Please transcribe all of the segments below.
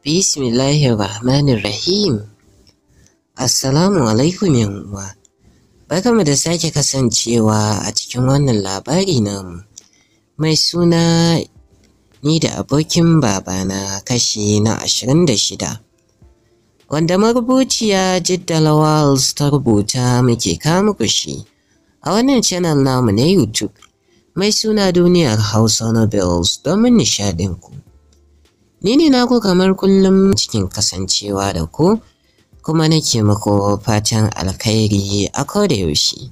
Bismillahirrahmanirrahim. Assalamu alaikum uwa. mu da sake kasancewa a cikin wannan labari namu. Mai suna ni da abokin babana kashi na ashirin da shida. Wanda marubuciya Jidda Lawals ta rubuta muke kama kushi a wannan channel namu na YouTube. Mai suna duniyar Hausa Nobels domin nishaɗinku. ku. Ni ne na ku kamar kullum cikin kasancewa da ku, kuma nake muku fatan alkhairi a yaushe.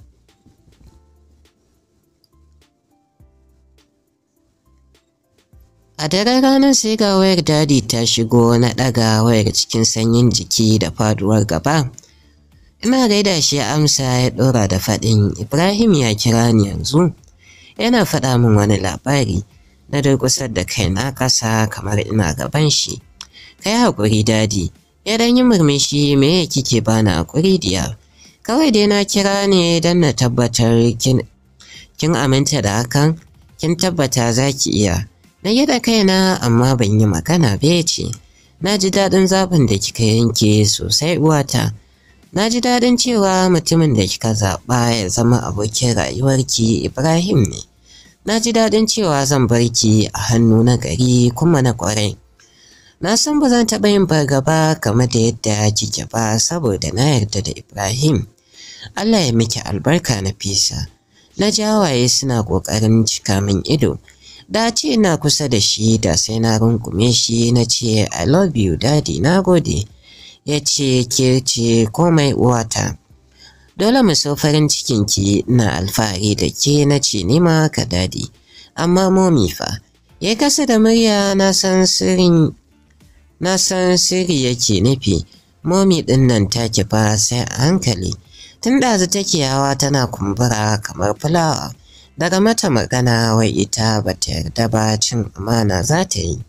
A daren ranar sai ga wayar dadi ta shigo na ɗaga wayar cikin sanyin jiki da faduwar gaba. Ina gaida shi amsa ya ɗora da faɗin Ibrahim ya kira ni yanzu, yana faɗa min wani labari. na durƙusar da kaina ƙasa kamar ina gaban shi kai haƙuri dadi ya dan yi murmushi me kike bani haƙuri diya kawai dai na kira ne don na tabbatar kin kin aminta da hakan kin tabbata za ki iya na yi da kaina amma ban yi magana ba ce na ji daɗin zaɓin da kika yanke sosai uwata na ji daɗin cewa mutumin da kika zaɓa ya zama abokin rayuwarki ibrahim ne na ji daɗin cewa zan bar ki a hannu na gari kuma na ƙwarai. Na san ba zan taɓa yin fargaba kamar da yadda kike ba saboda na yarda da Ibrahim. Allah ya miki albarka na fisa. Na jawaye suna ƙoƙarin cika min ido. Da ce ina kusa da shi da sai na rungume shi na ce I love you daddy na gode. Ya ce ke ce komai uwata. Dole mu so farin cikin ki na alfahari da ke na ce ni ma ka dadi. Amma momi fa, ya kasa da murya na san sirrin na san sirri yake nufi. Momi din nan take fa sai a hankali. Tun ɗazu take hawa tana kumbura kamar fulawa. daga mata magana wai ita ba ta yarda ba cin amana za ta yi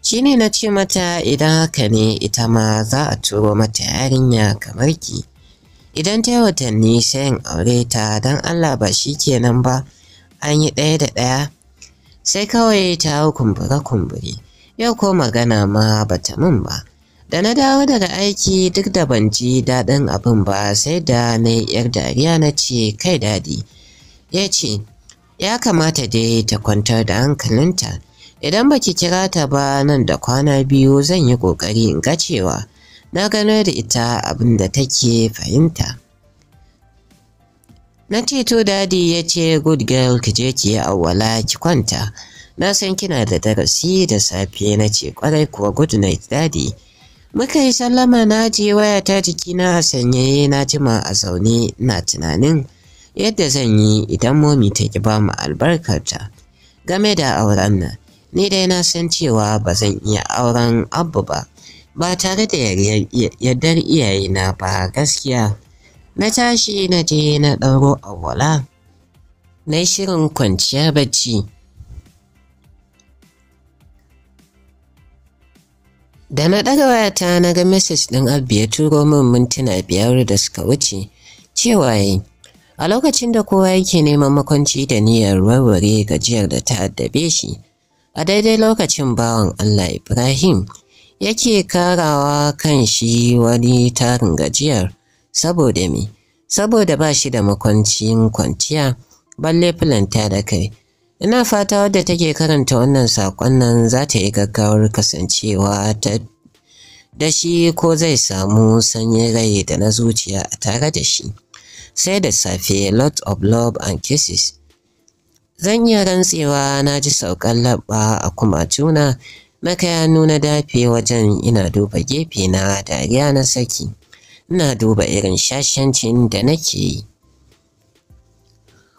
shi ne na ce mata idan haka ne ita ma za a turo mata yarinya kamar ki idan ta yi watanni sayin aure ta don Allah ba shi kenan ba an yi ɗaya da ɗaya sai kawai ta hau kumbura kumburi yau ko magana ma ba ta min ba da na dawo daga aiki duk da ban ji daɗin abin ba sai da na yi yar dariya na ce kai daɗi ya ce ya kamata dai ta kwantar da hankalinta idan baki kira ta ba nan da kwana biyu zan yi ƙoƙari in ga cewa na gano da ita abinda da take fahimta. Na ce to dadi ya ce good girl ki je ki yi awwala ki kwanta. Na san kina da darasi da safe na ce kwarai kuwa good night dadi. Muka yi sallama na je ta jikina a sanyaye na jima a zaune na tunanin yadda zan yi idan momi ta ki ba mu albarkarta. Game da auren nan, ni dai na san cewa ba zan iya auren abu ba. ba tare da yardar iyayena ba gaskiya na tashi na je na ɗauro wala, na shirin kwanciya bacci da na ɗaga wayata na ga message ɗin abu ya turo min mintuna biyar da suka wuce cewa yi a lokacin da kowa yake neman makwanci da niyyar warware gajiyar da ta addabe shi a daidai lokacin bawan allah ibrahim yake karawa kan shi wani tarin gajiyar saboda me saboda ba shi da makwancin kwanciya balle filanta da kai ina fata wadda take karanta wannan saƙon nan za ta yi gaggawar kasancewa ta da shi ko zai samu sanyin rai da na zuciya a tare da shi sai da safe lot of love and kisses zan iya rantsewa na ji saukan labba a kuma tuna Naka ya nuna dafe wajen ina duba gefe na dariya na saki. Ina duba irin shashancin da nake yi.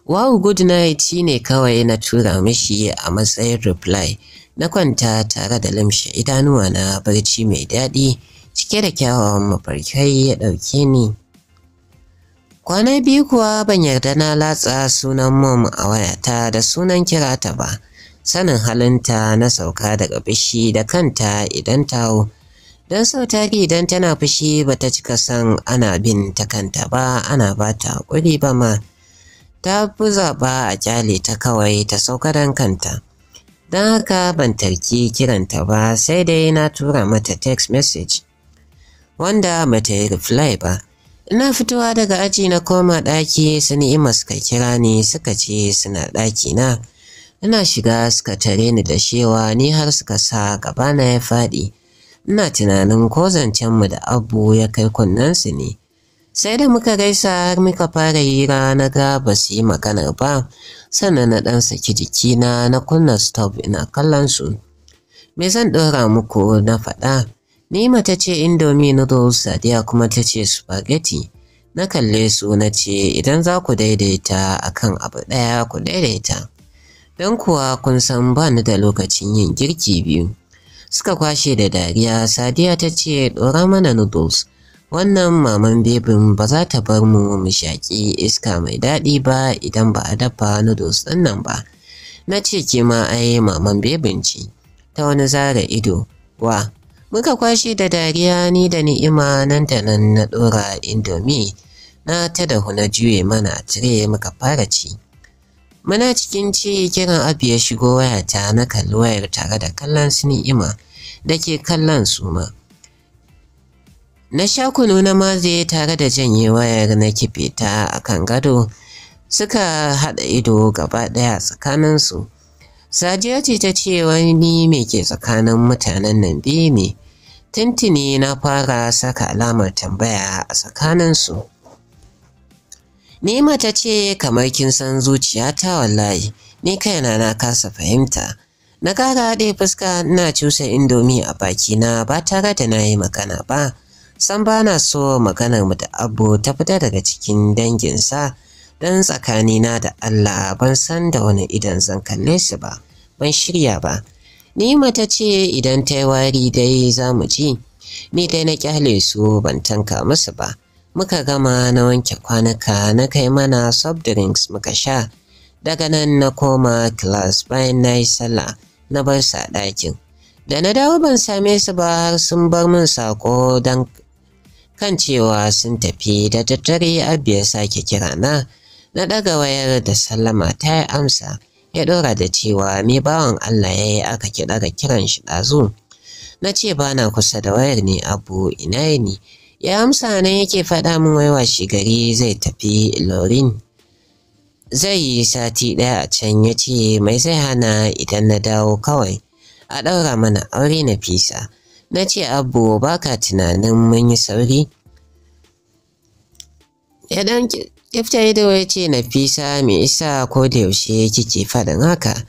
Wow good night ne kawai na tura mishi a matsayin reply. Na kwanta tare da limshe idanuwa na barci mai daɗi cike da kyawawan mafarkai ya ɗauke ni. Kwana biyu kuwa ban yarda na latsa sunan mom a wayata da sunan kirata ba. sanin halinta na sauka daga fushi da kanta idan ta don sau tari idan tana fushi ba ta cika son ana bin ta kanta ba ana ba ta haƙuri ba ma ta fi zaɓa a kyale ta kawai ta sauka don kanta don haka ban tarki kiranta ba sai dai na tura mata text message wanda bata yi reply ba ina fitowa daga aji na koma ɗaki su ni'ima suka kira ni suka ce suna ɗaki na ina shiga suka tare ni da shewa ni har suka sa gaba na ya faɗi ina tunanin ko zancenmu da abu ya kai kunnensu ne sai da muka gaisa har muka fara hira na ga ba su yi maganar ba sannan na ɗan saki jikina na kunna stop ina kallon su me zan ɗora muku na faɗa ni ta ce indomie noodles Sadiya kuma ta ce spaghetti na kalle su na ce idan za ku daidaita akan abu ɗaya ku daidaita don kuwa kun san ba ni da lokacin yin girki biyu. Suka kwashe da dariya Sadiya ta ce ɗora mana noodles. Wannan maman bebin ba za ta bar mu mu shaƙi iska mai daɗi ba idan ba a dafa noodles ɗin nan ba. Na ce ke ma ai maman bebin ce. Ta wani zara ido. Wa, muka kwashe da dariya ni da ni'ima nan da nan na ɗora indomie na ta dahu na juye mana a tire muka fara ci. Muna cikin ci kiran abu ya shigo wayata na kalli wayar tare da kallon su ni'ima da ke kallon su ma. Na sha kunu na maze tare da janye wayar na kife ta a kan gado suka haɗa ido gaba ɗaya tsakaninsu. Sadiya ce ta ce wani me ke tsakanin mutanen nan biyu ne. tuntuni na fara saka alamar tambaya a tsakanin su Ni mata ce kamar kin san zuciyata wallahi, ni kaina na kasa fahimta. Na kara haɗe fuska ina cusa indomi a bakina ba tare da na yi magana ba. San ba na so maganar mu da abu ta fita daga cikin danginsa don tsakanina da Allah ban san da wani idan zan kalle su ba, ban shirya ba. Ni mata ce idan ta yi wari dai za mu ji, ni dai na kyale su ban tanka musu ba. muka gama na wanke kwanuka na kai mana soft drinks muka sha daga nan na koma class bayan na yi sallah na bar su a ɗakin da na dawo ban same su ba har sun bar min sako don kan cewa sun tafi da daddare abu ya sake kira na na ɗaga wayar da sallama ta yi amsa ya ɗora da cewa mai bawan Allah ya yi aka ki ɗaga kiran shi ɗazu na ce ba na kusa da wayar ne abu ina ne ya amsa nan yake faɗa min wai shi gari zai tafi lorin zai yi sati ɗaya a can ya ce mai zai hana idan na dawo kawai a ɗaura mana aure na fisa na ce abu ba ka tunanin mun yi sauri ya ɗan kifta ido ya ce na fisa mai isa ko da yaushe kike faɗin haka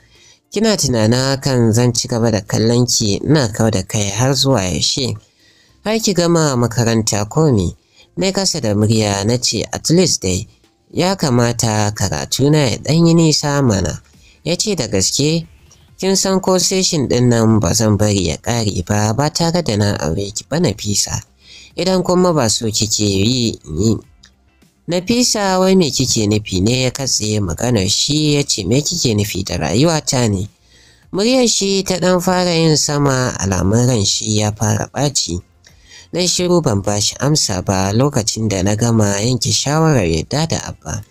kina tunanin hakan zan ci gaba da kallon ki ina kawo da kai har zuwa yaushe har ki gama makaranta komi na kasa da murya na ce at least dai ya kamata karatu na ya ɗan yi nisa mana ya ce da gaske kin san ko seshin ɗin nan ba zan bari ya ƙare ba ba tare da na aure ki ba Nafisa idan kuma ba so kike yi ni Nafisa wai me kike nufi ne ya katse maganar shi ya ce me kike nufi da rayuwata ne muryar shi ta ɗan fara yin sama alamun shi ya fara ɓaci. Na shiru ban bashi amsa ba lokacin da na gama yanke shawarar yadda da abba.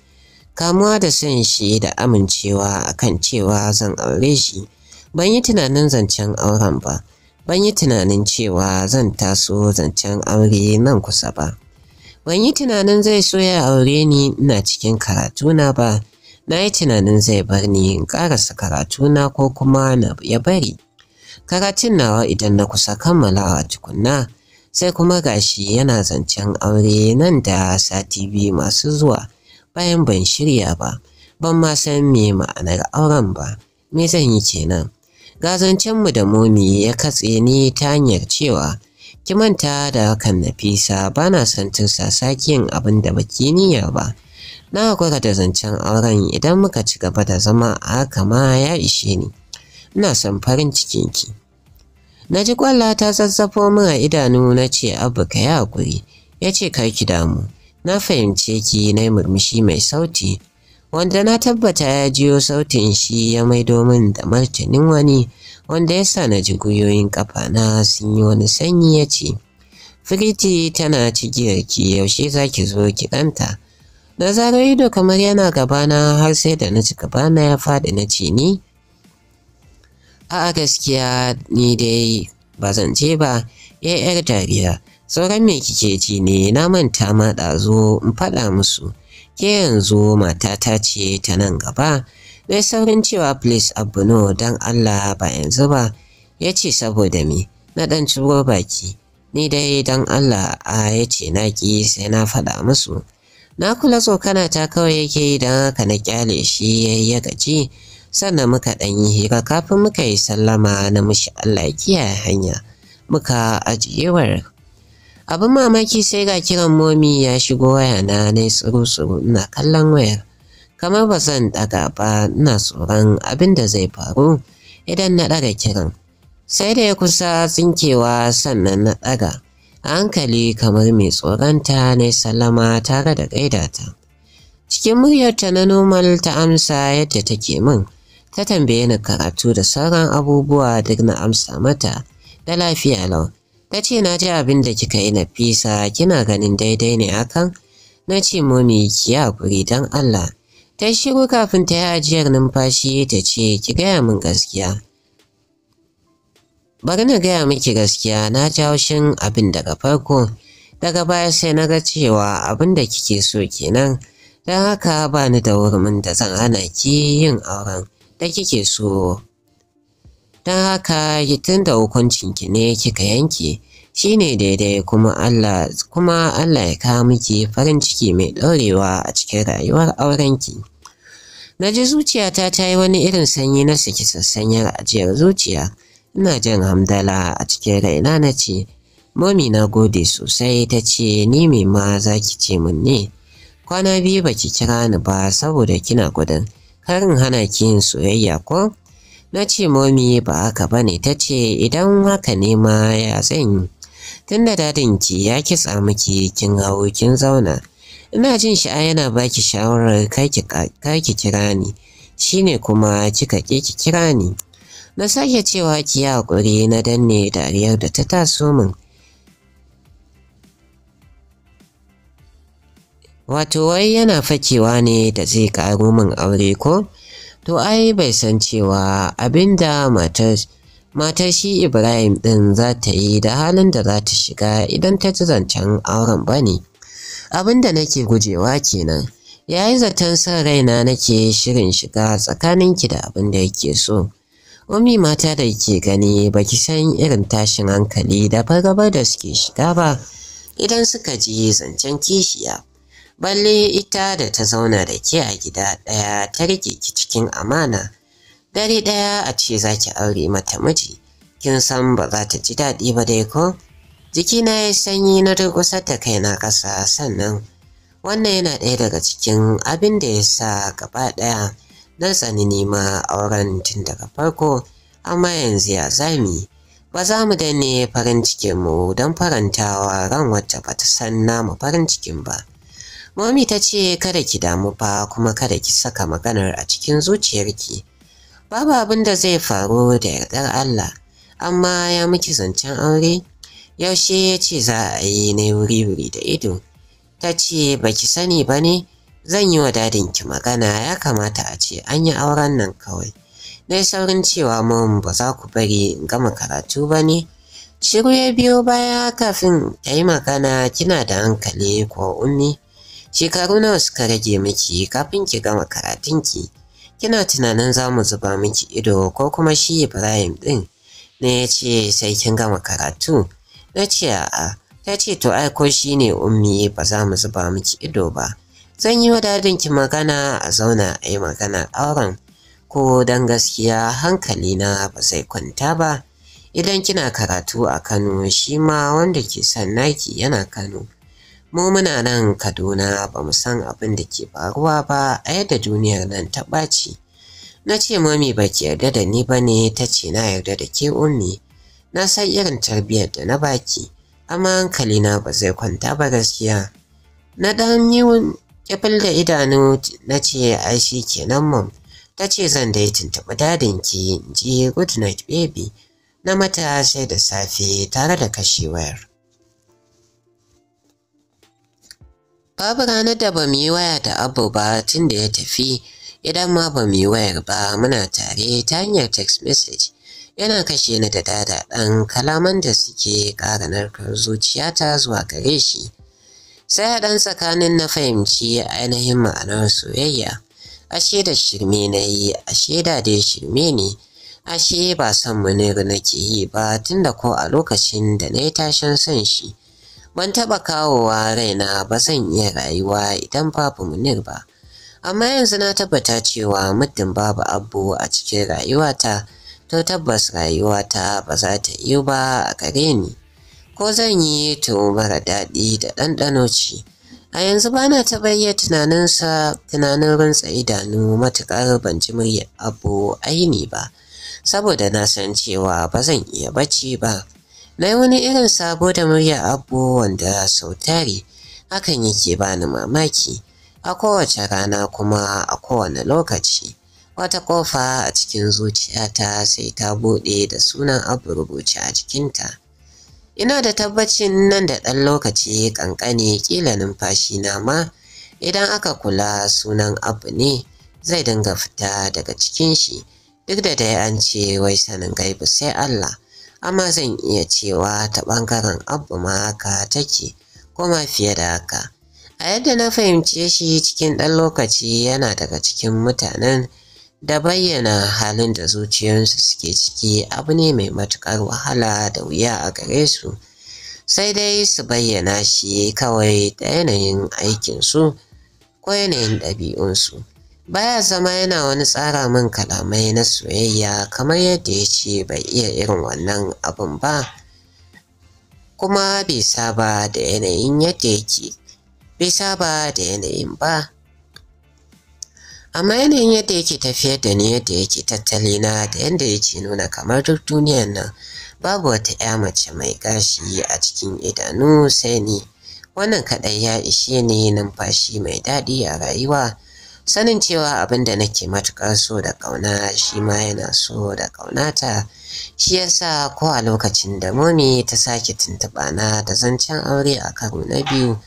Kamuwa da son shi da amincewa akan cewa zan aure shi. Ban yi tunanin zancen auren ba. Ban yi tunanin cewa zan taso zancen aure nan kusa ba. Ban yi tunanin zai so ya aure ni ina cikin karatuna ba. Na yi tunanin zai bar ni in ƙarasa karatuna ko kuma ya bari. Karatun nawa idan na kusa kammalawa tukunna sai kuma gashi yana zancen aure nan da sati biyu masu zuwa bayan ban shirya ba ban ma san me ma'anar auren ba me zan yi kenan ga zancenmu da momi ya katse ni ta hanyar cewa ki manta da kan nafisa ba na son tursasa yin abin da baki niyya ba na gwada da zancen auren idan muka ci gaba da zama a haka ma ya ishe ni ina son farin cikin ki. Na ji kwalla ta zazzafo min a idanu na ce abu ka yi haƙuri. Ya ce kar ki damu. Na fahimce ki na yi murmushi mai sauti. Wanda na tabbata ya jiyo sautin shi ya mai domin da martanin wani wanda ya sa na ji ƙafa na sun yi wani sanyi ya ce. Firiti tana ki yaushe za ki zo ki ɗanta. Na ido kamar yana gabana har sai da na ci gabana ya faɗi na ce ni a gaskiya ni dai ba zan je ba ya yar dariya sauran me kike ji ne na manta ma ɗazo in faɗa musu ke yanzu matata ce ta nan gaba dai saurin cewa please abuno dan allah ba yanzu ba ya ce saboda me na ɗan ciro baki ni dai don allah a ya ce na ƙi sai na faɗa musu na kula tsokana ta kawai yake yi don haka na ƙyale shi ya gaji sannan muka ɗan yi hira kafin muka yi sallama na mushi Allah kiyaye hanya muka ajiyewar abin mamaki sai ga kiran momi ya shigo waya na na tsuru-tsuru ina kallon wayar kamar ba zan ɗaga ba ina tsoron abin da zai faru idan na ɗaga kiran sai da ya kusa tsinkewa sannan na ɗaga. a hankali kamar mai tsoronta na sallama tare da gaidata cikin muryarta na nomal ta amsa yadda take min ta tambaye ni karatu da sauran abubuwa duk na amsa mata da lafiya lau ta ce na ji abin da kika yi na fisa kina ganin daidai ne akan na ce momi ki hakuri don Allah ta shiru kafin ta yi ajiyar numfashi ta ce ki gaya min gaskiya bari na gaya miki gaskiya na ji haushin abin daga farko daga baya sai na ga cewa abin da kike so kenan don haka ba ni da wurmin da zan hana ki yin auren da kike so don haka tun da ki ne kika yanke shi ne daidai kuma Allah kuma Allah ya kawo miki farin ciki mai ɗorewa a cikin rayuwar aurenki. Na ji zuciyata ta yi wani irin sanyi na saki sassanyar ajiyar zuciya, ina jin hamdala a cikin raina na ce, Momi na gode sosai ta ce ni mai ma za ki ce min ne, kwana biyu ba ki kira ni ba saboda kina gudun. karin hana kin soyayya ko? Na ce momi ba haka bane ne ta ce idan haka ne ma ya zan yi. dadin ki ya kitsa miki kin hawo kin zauna. Ina jin shi yana baki shawarar kaki ki kira ni. shine kuma kika ki kira ni. Na sake cewa ki yi haƙuri na danne dariyar da ta taso min. Wato wai yana fakewa ne da zai ƙaro min aure ko? To ai bai san cewa abinda matar matar shi Ibrahim ɗin za ta yi da halin da za ta shiga idan ta ji zancen auren ba ne. Abinda nake gujewa kenan. Yayi zaton san raina nake shirin shiga tsakanin ki da abin da yake so. Umi mata da ke gani baki san irin tashin hankali da fargabar da suke shiga ba idan suka ji zancen kishiya. balle ita da ta zauna da ke a gida ɗaya ta rike ki cikin amana dare ɗaya a ce za ki aure mata miji kin san ba za ta ji daɗi ba dai ko Jiki na ya sanyi na durƙusar da kaina ƙasa sannan wannan yana ɗaya daga cikin abin da ya sa gaba ɗaya na tsani nema auren tun daga farko amma yanzu ya zami ba za mu danne farin cikinmu don farantawa ran wacce ba ta san namu farin cikin ba Momi ta ce kada ki damu ba kuma kada ki saka maganar a cikin zuciyarki. Babu abin da zai faru da yardar Allah, amma ya miki zancen aure? Yaushe ya ce za a yi na wuri-wuri da ido. Ta ce ba ki sani ba ne? Zan yi wa dadin ki magana ya kamata a ce an yi auren nan kawai. Na saurin cewa mun ba za ku bari in gama karatu ba ne? Shiru ya biyo baya kafin ta yi magana kina da hankali ko ummi. shekaru nawa suka rage miki kafin ki gama karatun ki? kina tunanin za mu zuba miki ido ko kuma shi ibrahim din? ne ya ce sai kin gama karatu na ce a'a ta ce to ai ko shi ne ummi ba za mu zuba miki ido ba zan yi wa ki magana a zauna a yi magana auren ko dan gaskiya hankali na ba zai kwanta ba idan kina karatu a kano shi ma wanda ke son naki yana kano mu muna nan Kaduna ba mu san abin da ke faruwa ba a yadda duniyar nan ta ɓaci. Na ce mami ba ki yarda da ni ba ne ta ce na yarda da ke ummi. Na san irin tarbiyyar da na baki, amma hankali na ba zai kwanta ba gaskiya. Na ɗan yi kifil da idanu na ce ai kenan mam, Ta ce zan dai tuntuɓi ki, in ji good night baby. Na mata sai da safe tare da kashe wayar. Babu ranar da ba mu yi waya da abu ba tun da ya tafi, idan ma ba mu yi wayar ba muna tare ta hanyar text message. Yana kashe ni da dada ɗan kalaman da suke ƙara narkar zuciyata zuwa gare shi. Sai a ɗan tsakanin na fahimci ainihin ma'anar soyayya. Ashe da shirme na yi, ashe da dai shirme ne. Ashe ba son munir nake yi ba tunda ko a lokacin da na yi tashin son shi. ban taɓa kawowa raina ba zan iya rayuwa idan babu munir ba amma yanzu na tabbata cewa muddin babu abu a cikin rayuwata to tabbas rayuwata ba za ta yi ba a gare ni ko zan yi to mara daɗi da ɗanɗano ce a yanzu ba na taɓa iya tunaninsa tunanin rantsa idanu matuƙar ban ji muryar abu aini ba saboda na san cewa ba zan iya bacci ba na wani irin sabo da murya abu wanda sau tari hakan yake bani mamaki a kowace rana kuma a kowane lokaci wata kofa a cikin zuciyata sai ta buɗe da sunan abu rubuce a jikinta ina da tabbacin nan da ɗan lokaci ƙanƙane ƙila numfashi na ma idan aka kula sunan abu ne zai dinga fita daga cikin shi duk da dai an ce wai sanin gaibu sai Allah amma zan iya cewa ta ɓangaren abu ma haka take kuma fiye da haka a yadda na fahimce shi cikin ɗan lokaci yana daga cikin mutanen da bayyana halin da zuciyarsu suke ciki abu ne mai matuƙar wahala da wuya a gare su sai dai su bayyana shi kawai da yanayin aikinsu ko yanayin ɗabi'unsu baya zama yana wani tsara min kalamai na soyayya kamar yadda ya ce bai iya irin wannan abin ba kuma bai saba da yanayin yadda yake bai saba da yanayin ba amma yanayin yadda yake tafiyar da ni yadda yake tattali na da yadda yake nuna kamar duk duniyar nan babu wata ya mace mai gashi a cikin idanu sai ni wannan kaɗai ya ishe ni numfashi mai daɗi a rayuwa sanin cewa abin da nake matuƙar so da ƙauna shi ma yana so da ƙaunata shi yasa ko a lokacin da momi ta sake tuntuɓa na da zancen aure a karo na biyu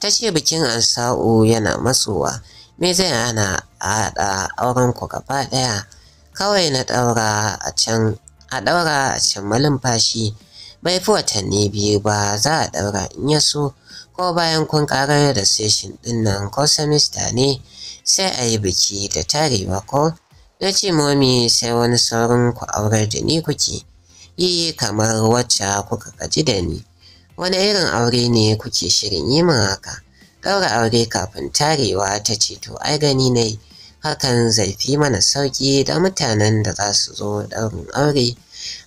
ta ce bikin ansa'u yana matsowa me zai hana a haɗa auren ku gaba ɗaya kawai na ɗaura a can a ɗaura a can malumfashi bai fi watanni biyu ba za a ɗaura in ya so ko bayan kun ƙarar da seshin ɗinnan, nan ko semester ne sai a yi biki da tare mako na ce momi sai wani saurin ku aurar da ni kuke yi kamar wacce kuka gaji da ni wani irin aure ne kuke shirin yi min haka ɗaura aure kafin tarewa ta ce to ai gani ne hakan zai fi mana sauƙi da mutanen da za su zo ɗaurin aure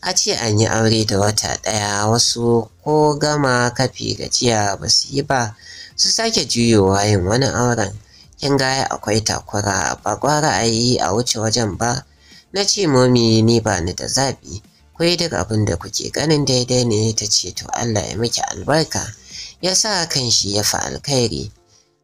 a ce an yi aure da wata ɗaya wasu ko gama kafi gajiya ba su yi ba su sake juyowa yin wani auren kin ga akwai takura ba gwara a yi a wuce wajen ba na ce momi ni ba ni da zaɓi ku duk abin da kuke ganin daidai ne ta ce to Allah ya miki albarka ya sa kan shi ya fa alkhairi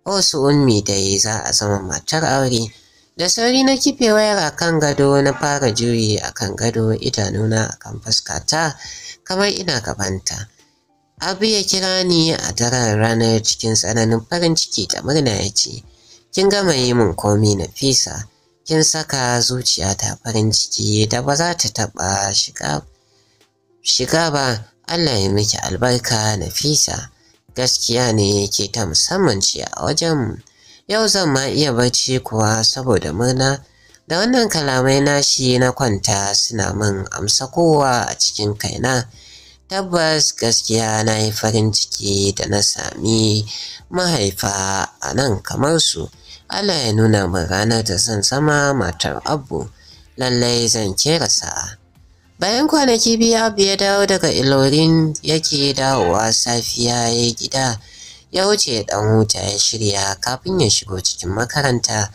wasu ummi da yi za a zama matar aure da sauri na kife wayar a kan gado na fara juyi a kan gado idanuna a kan fuskata kamar ina gabanta abu ya kira ni a daren ranar cikin tsananin farin ciki ta murna ya ce kin gama yi min komi Nafisa kin saka zuciyata farin ciki da ba za ta taba shiga shiga ba Allah ya miki albarka Nafisa gaskiya ne ke ta musamman ce a wajen yau zan ma iya barci kuwa saboda murna da wannan kalamai na shi na kwanta suna mun amsa kowa a cikin kaina tabbas gaskiya na yi farin ciki da na sami mahaifa a nan kamar su Allah ya nuna min ranar da zan zama matar Abu, lallai zan kera sa'a. Bayan kwanaki biyu Abu ya dawo daga Ilorin yake dawowa safiya ya gida, ya wuce ɗan huta ya shirya kafin ya shigo cikin makaranta.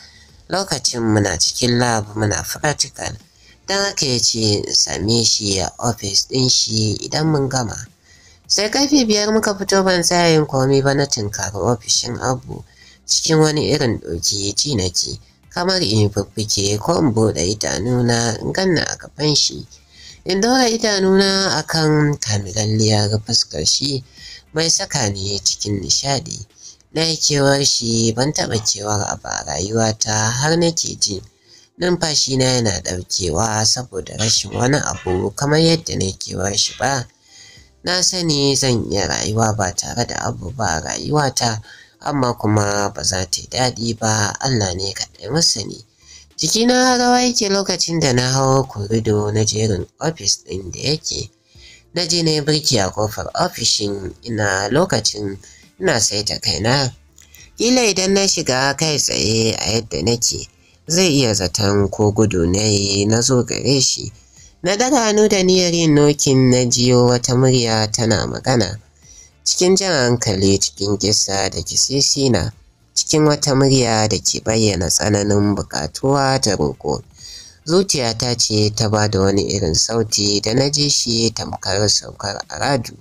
Lokacin muna cikin lab muna practical, don haka ya ce same shi a ofis ɗin shi idan mun gama. Sai kafi biyar muka fito ban tsayayin komi ba na tinkari ofishin Abu. cikin wani irin ɗauki ji na ji kamar in fiffike ko in buɗe idanuna in ganna a gaban shi in daura idanuna akan kamilalliya ga fuskar shi mai saka ni cikin nishaɗi na yi shi ban taɓa kewar ba a rayuwata har nake ji na yana ɗaukewa saboda rashin wani abu kamar yadda na kewar shi ba na sani zan iya rayuwa ba tare da abu ba rayuwata amma kuma ba za ta yi daɗi ba Allah ne kaɗai masani. Jikina rawa yake lokacin da na hau kurido na jerin ofis ɗin da yake. Na je na yi birki a kofar ofishin ina lokacin ina saita kaina. Kila idan na shiga kai tsaye a yadda nake zai iya zaton ko gudu na yi na zo gare shi. Na daga hannu da niyar yin nokin na jiyo wata murya tana magana. cikin jan hankali cikin kisa da kisisina cikin wata murya da ke bayyana tsananin bukatuwa ta roƙo. Zuciyata ce ta ba da wani irin sauti da na ji shi tamkar saukar aradu.